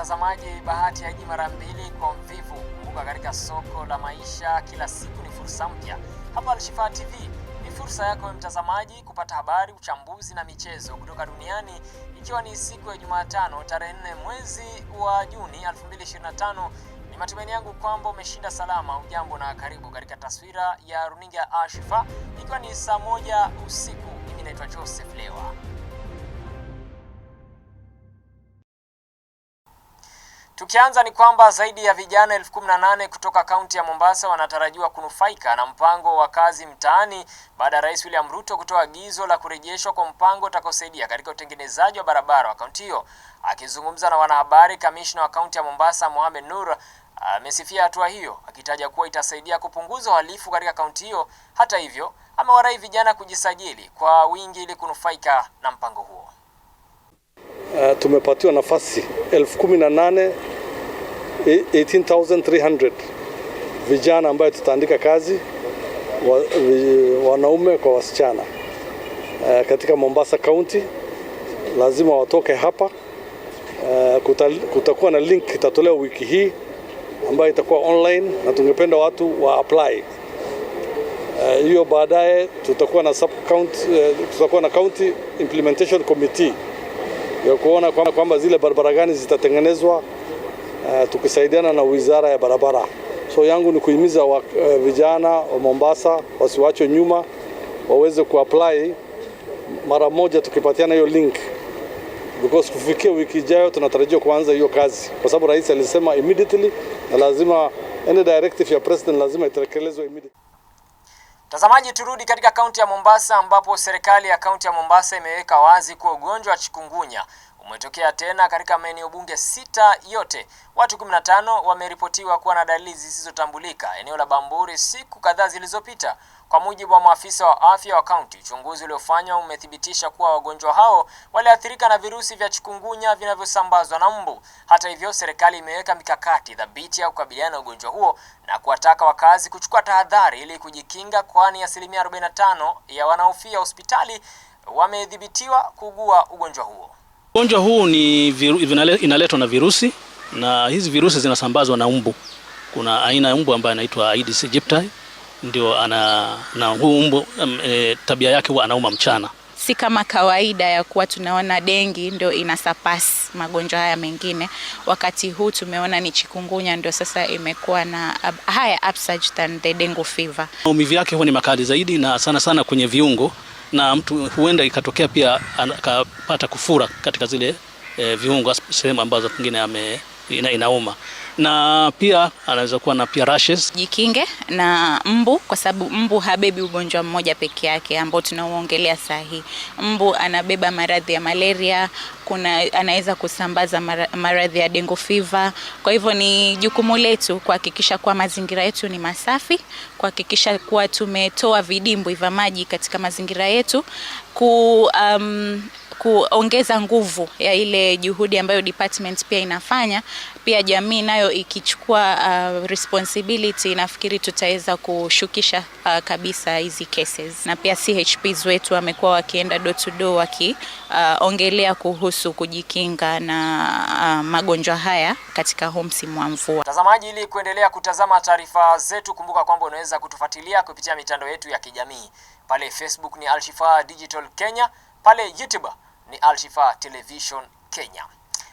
Mtazamaji, bahati haiji mara mbili kwa mvivu. Kumbuka, katika soko la maisha kila siku ni fursa mpya. Hapa Alshifa TV ni fursa yako ya mtazamaji kupata habari, uchambuzi na michezo kutoka duniani, ikiwa ni siku ya Jumatano tarehe nne mwezi wa Juni 2025. Ni matumaini yangu kwamba umeshinda salama. Ujambo na karibu katika taswira ya runinga Alshifaa, ikiwa ni saa moja usiku. Mimi naitwa Joseph Lewa. Tukianza ni kwamba zaidi ya vijana elfu kumi na nane kutoka kaunti ya Mombasa wanatarajiwa kunufaika na mpango wa kazi mtaani baada ya Rais William Ruto kutoa agizo la kurejeshwa kwa mpango utakaosaidia katika utengenezaji wa barabara wa kaunti hiyo. Akizungumza na wanahabari, kamishna wa kaunti ya Mombasa Mohamed Nur amesifia hatua hiyo akitaja kuwa itasaidia kupunguza uhalifu katika kaunti hiyo. Hata hivyo, amewarai vijana kujisajili kwa wingi ili kunufaika na mpango huo. Uh, tumepatiwa nafasi elfu kumi na nane 18300 vijana ambayo tutaandika kazi wa, wanaume kwa wasichana uh, katika Mombasa County lazima watoke hapa uh, kuta, kutakuwa na link itatolewa wiki hii ambayo itakuwa online na tungependa watu wa apply eh, hiyo. Uh, baadaye tutakuwa na sub county, uh, tutakuwa na county implementation committee ya kuona kwamba, kwamba zile barabara gani zitatengenezwa Eh, tukisaidiana na wizara ya barabara. So yangu ni kuhimiza wa, uh, vijana wa Mombasa wasiwachwe nyuma, waweze kuapply mara moja, tukipatiana hiyo link because kufikia wiki ijayo tunatarajia kuanza hiyo kazi, kwa sababu rais alisema immediately, na lazima any directive ya president lazima itekelezwe immediately. Mtazamaji, turudi katika kaunti ya Mombasa ambapo serikali ya kaunti ya Mombasa imeweka wazi kuwa ugonjwa wa chikungunya umetokea tena katika maeneo bunge sita yote. Watu 15 wameripotiwa kuwa na dalili zisizotambulika eneo la Bamburi siku kadhaa zilizopita. Kwa mujibu wa maafisa wa afya wa kaunti, uchunguzi uliofanywa umethibitisha kuwa wagonjwa hao waliathirika na virusi vya chikungunya vinavyosambazwa na mbu. Hata hivyo, serikali imeweka mikakati thabiti ya kukabiliana na ugonjwa huo na kuwataka wakazi kuchukua tahadhari ili kujikinga, kwani asilimia 45 ya wanaofia hospitali wamedhibitiwa kuugua ugonjwa huo. Ugonjwa huu ni inaletwa na virusi na hizi virusi zinasambazwa na mbu. Kuna aina ya mbu ambaye anaitwa Aedes aegypti ndio ana na huu mbu e, tabia yake huwa anauma mchana. Si kama kawaida ya kuwa tunaona dengi ndio inasapasi magonjwa haya mengine. Wakati huu tumeona ni chikungunya ndio sasa imekuwa na haya upsurge than the dengue fever. Maumivu yake huwa ni makali zaidi na sana sana kwenye viungo na mtu huenda ikatokea pia akapata kufura katika zile e, viungo sehemu ambazo pengine ame ina, inauma na pia anaweza kuwa na pia rashes. Jikinge na mbu, kwa sababu mbu habebi ugonjwa mmoja peke yake ambao tunauongelea saa hii. Mbu anabeba maradhi ya malaria, kuna anaweza kusambaza maradhi ya dengo fever. Kwa hivyo ni jukumu letu kuhakikisha kuwa mazingira yetu ni masafi, kuhakikisha kuwa tumetoa vidimbwi vya maji katika mazingira yetu ku um, kuongeza nguvu ya ile juhudi ambayo department pia inafanya, pia jamii nayo ikichukua uh, responsibility, nafikiri tutaweza kushukisha uh, kabisa hizi cases, na pia CHPs wetu wamekuwa wakienda door to door wakiongelea uh, kuhusu kujikinga na uh, magonjwa haya katika huu msimu wa mvua. Mtazamaji, ili kuendelea kutazama taarifa zetu, kumbuka kwamba unaweza kutufuatilia kupitia mitandao yetu ya kijamii pale Facebook ni Alshifa Digital Kenya, pale YouTube ni Alshifa Television Kenya.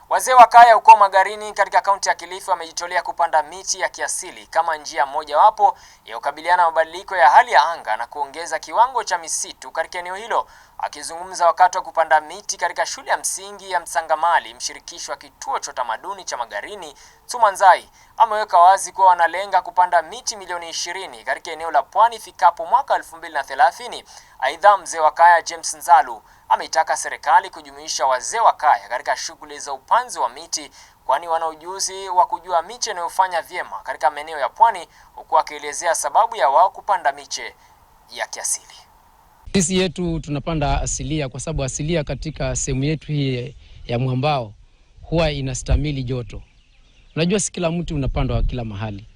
Wazee wa kaya huko Magarini katika kaunti ya Kilifi wamejitolea kupanda miti ya kiasili kama njia mojawapo ya kukabiliana na mabadiliko ya hali ya anga na kuongeza kiwango cha misitu katika eneo hilo. Akizungumza wakati wa kupanda miti katika shule ya msingi ya Msangamali, mshirikishi wa kituo cha utamaduni cha Magarini Tumanzai ameweka wazi kuwa wanalenga kupanda miti milioni ishirini katika eneo la pwani ifikapo mwaka 2030 Aidha, mzee wa kaya James Nzalu ameitaka serikali kujumuisha wazee wa kaya katika shughuli za upanzi wa miti kwani wana ujuzi wa kujua miche inayofanya vyema katika maeneo ya pwani, huku akielezea sababu ya wao kupanda miche ya kiasili. Sisi yetu tunapanda asilia kwa sababu asilia katika sehemu yetu hii ya mwambao huwa inastamili joto. Unajua, si kila mti unapandwa kila mahali,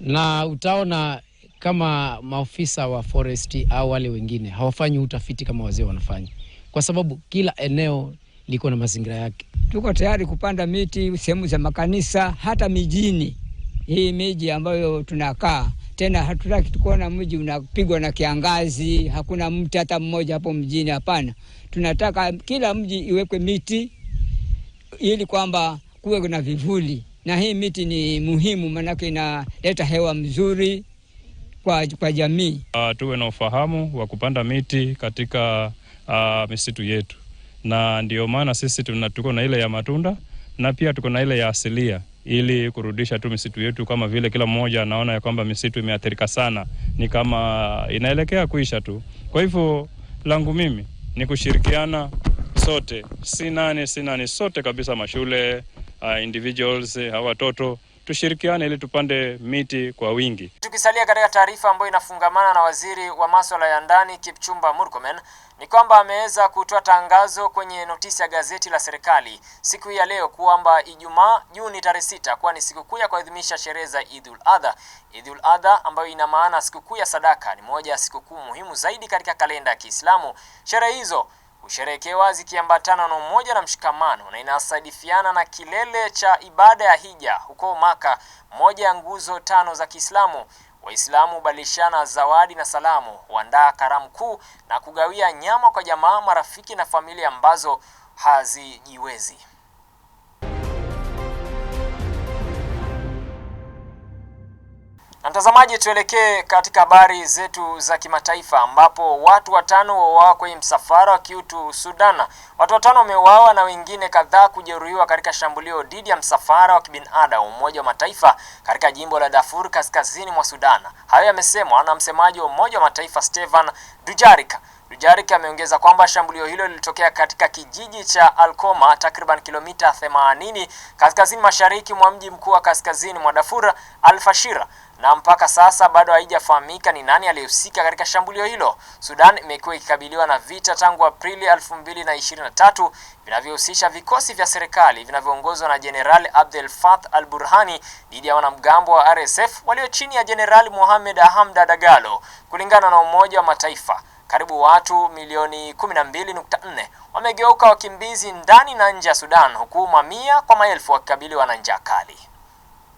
na utaona kama maofisa wa foresti au wale wengine hawafanyi utafiti kama wazee wanafanya, kwa sababu kila eneo liko na mazingira yake. Tuko tayari kupanda miti sehemu za makanisa, hata mijini hii miji ambayo tunakaa tena hatutaki tukuona mji unapigwa na kiangazi, hakuna mti hata mmoja hapo mjini. Hapana, tunataka kila mji iwekwe miti ili kwamba kuwe na vivuli, na hii miti ni muhimu, maanake inaleta hewa mzuri kwa, kwa jamii. Uh, tuwe na ufahamu wa kupanda miti katika uh, misitu yetu, na ndio maana sisi tuko na ile ya matunda na pia tuko na ile ya asilia ili kurudisha tu misitu yetu. Kama vile kila mmoja anaona ya kwamba misitu imeathirika sana, ni kama inaelekea kuisha tu. Kwa hivyo langu mimi ni kushirikiana sote, si nani si nani, sote kabisa, mashule uh, individuals, uh, watoto tushirikiane ili tupande miti kwa wingi. Tukisalia katika taarifa ambayo inafungamana na waziri wa masuala ya ndani Kipchumba Murkomen ni kwamba ameweza kutoa tangazo kwenye notisi ya gazeti la serikali siku ya leo kwamba Ijumaa Juni tarehe sita kuwa ni sikukuu ya kuadhimisha sherehe za Idul Adha. Idul Adha ambayo ina maana sikukuu ya sadaka, ni moja ya sikukuu muhimu zaidi katika kalenda ya Kiislamu. Sherehe hizo husherehekewa zikiambatana na umoja na mshikamano na inasadifiana na kilele cha ibada ya hija huko Maka, moja ya nguzo tano za Kiislamu. Waislamu hubadilishana zawadi na salamu, huandaa karamu kuu na kugawia nyama kwa jamaa, marafiki na familia ambazo hazijiwezi. Mtazamaji, tuelekee katika habari zetu za kimataifa ambapo watu watano wauawa kwenye msafara wa kiutu Sudan. Watu watano wameuawa na wengine kadhaa kujeruhiwa katika shambulio dhidi ya msafara wa kibinadamu Umoja wa Mataifa katika jimbo la Darfur kaskazini mwa Sudan. Hayo yamesemwa na msemaji wa Umoja wa Mataifa Stefan Dujarric. Dujarric ameongeza kwamba shambulio hilo lilitokea katika kijiji cha Alkoma takriban kilomita 80 kaskazini mashariki mwa mji mkuu wa kaskazini mwa Darfur alfashira na mpaka sasa bado haijafahamika ni nani aliyehusika katika shambulio hilo. Sudan imekuwa ikikabiliwa na vita tangu Aprili 2023 vinavyohusisha vikosi vya serikali vinavyoongozwa na Jenerali Abdel fath al-Burhani dhidi ya wanamgambo wa RSF walio chini ya Jenerali Mohamed Hamda Dagalo. Kulingana na Umoja wa Mataifa, karibu watu milioni 12.4 wamegeuka wakimbizi ndani na nje ya Sudan, huku mamia kwa maelfu wakikabiliwa na njaa kali.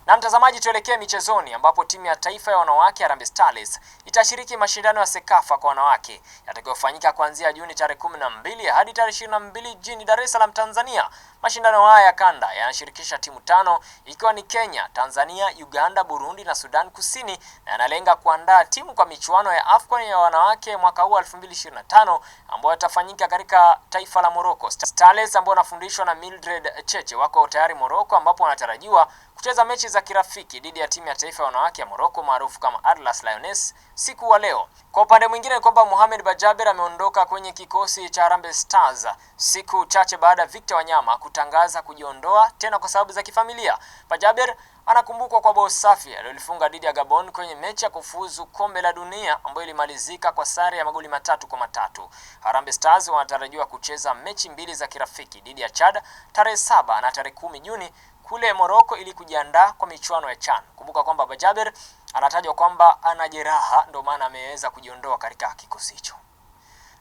Na mtazamaji, tuelekee michezoni ambapo timu ya taifa ya wanawake Harambee Starlets itashiriki mashindano ya Sekafa kwa wanawake yatakayofanyika kuanzia Juni tarehe kumi na mbili hadi tarehe ishirini na mbili Dar es Salaam, Tanzania. Mashindano haya ya kanda yanashirikisha timu tano ikiwa ni Kenya, Tanzania, Uganda, Burundi na Sudan Kusini na yanalenga kuandaa timu kwa michuano ya AFCON ya wanawake mwaka huu 2025 ambayo yatafanyika katika taifa la Morocco. Starlets ambao wanafundishwa na Mildred Cheche wako tayari Morocco ambapo wanatarajiwa kucheza mechi za kirafiki dhidi ya timu ya taifa ya wanawake ya Morocco maarufu kama Atlas Lionesses siku wa leo. Kwa upande mwingine ni kwamba Mohamed Bajaber ameondoka kwenye kikosi cha Harambee Stars siku chache baada ya Victor Wanyama kutangaza kujiondoa tena kwa sababu za kifamilia. Bajaber anakumbukwa kwa bao safi aliyolifunga dhidi ya Gabon kwenye mechi ya kufuzu kombe la dunia ambayo ilimalizika kwa sare ya magoli matatu kwa matatu. Harambee Stars wanatarajiwa kucheza mechi mbili za kirafiki dhidi ya Chad tarehe saba na tarehe kumi Juni kule Morocco ili kujiandaa kwa michuano ya CHAN. Kumbuka kwamba Bajaber anatajwa kwamba ana jeraha, ndio maana ameweza kujiondoa katika kikosi hicho.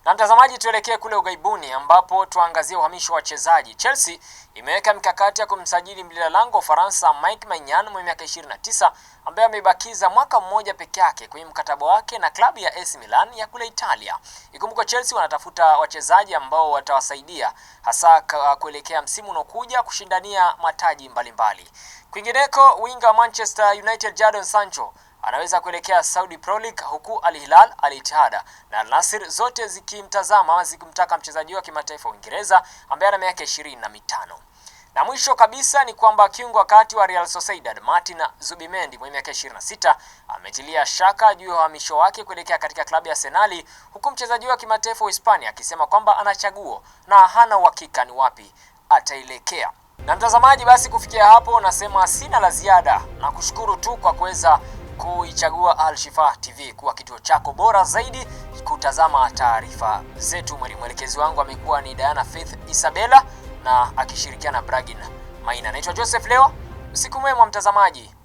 Na mtazamaji, tuelekee kule ugaibuni ambapo tuangazie uhamisho wa wachezaji. Chelsea imeweka mkakati ya kumsajili mlinda lango Ufaransa Mike Maignan mwenye miaka 29 ambaye amebakiza mwaka mmoja peke yake kwenye mkataba wake na klabu ya AC Milan ya kule Italia. Ikumbukwe Chelsea wanatafuta wachezaji ambao watawasaidia hasa kuelekea msimu unaokuja kushindania mataji mbalimbali. Kwingineko, winga wa Manchester United Jadon Sancho anaweza kuelekea Saudi Pro League, huku Al Hilal, Al Ittihad na Al Nassr zote zikimtazama zikimtaka mchezaji wa kimataifa Uingereza ambaye ana miaka ishirini na mitano. Na mwisho kabisa ni kwamba kiungo kati wa Real Sociedad Martin Zubimendi mwenye miaka 26 ametilia shaka juu ya uhamisho wake kuelekea katika klabu ya Arsenal, huku mchezaji wa kimataifa wa Hispania akisema kwamba ana chaguo na hana uhakika ni wapi ataelekea. Na mtazamaji, basi kufikia hapo nasema sina la ziada na kushukuru tu kwa kuweza kuichagua Al shifa TV kuwa kituo chako bora zaidi kutazama taarifa zetu. Mwelekezi wangu amekuwa ni Diana Faith Isabella na akishirikiana Bragin Maina. Naitwa Joseph Leo, usiku mwema mtazamaji.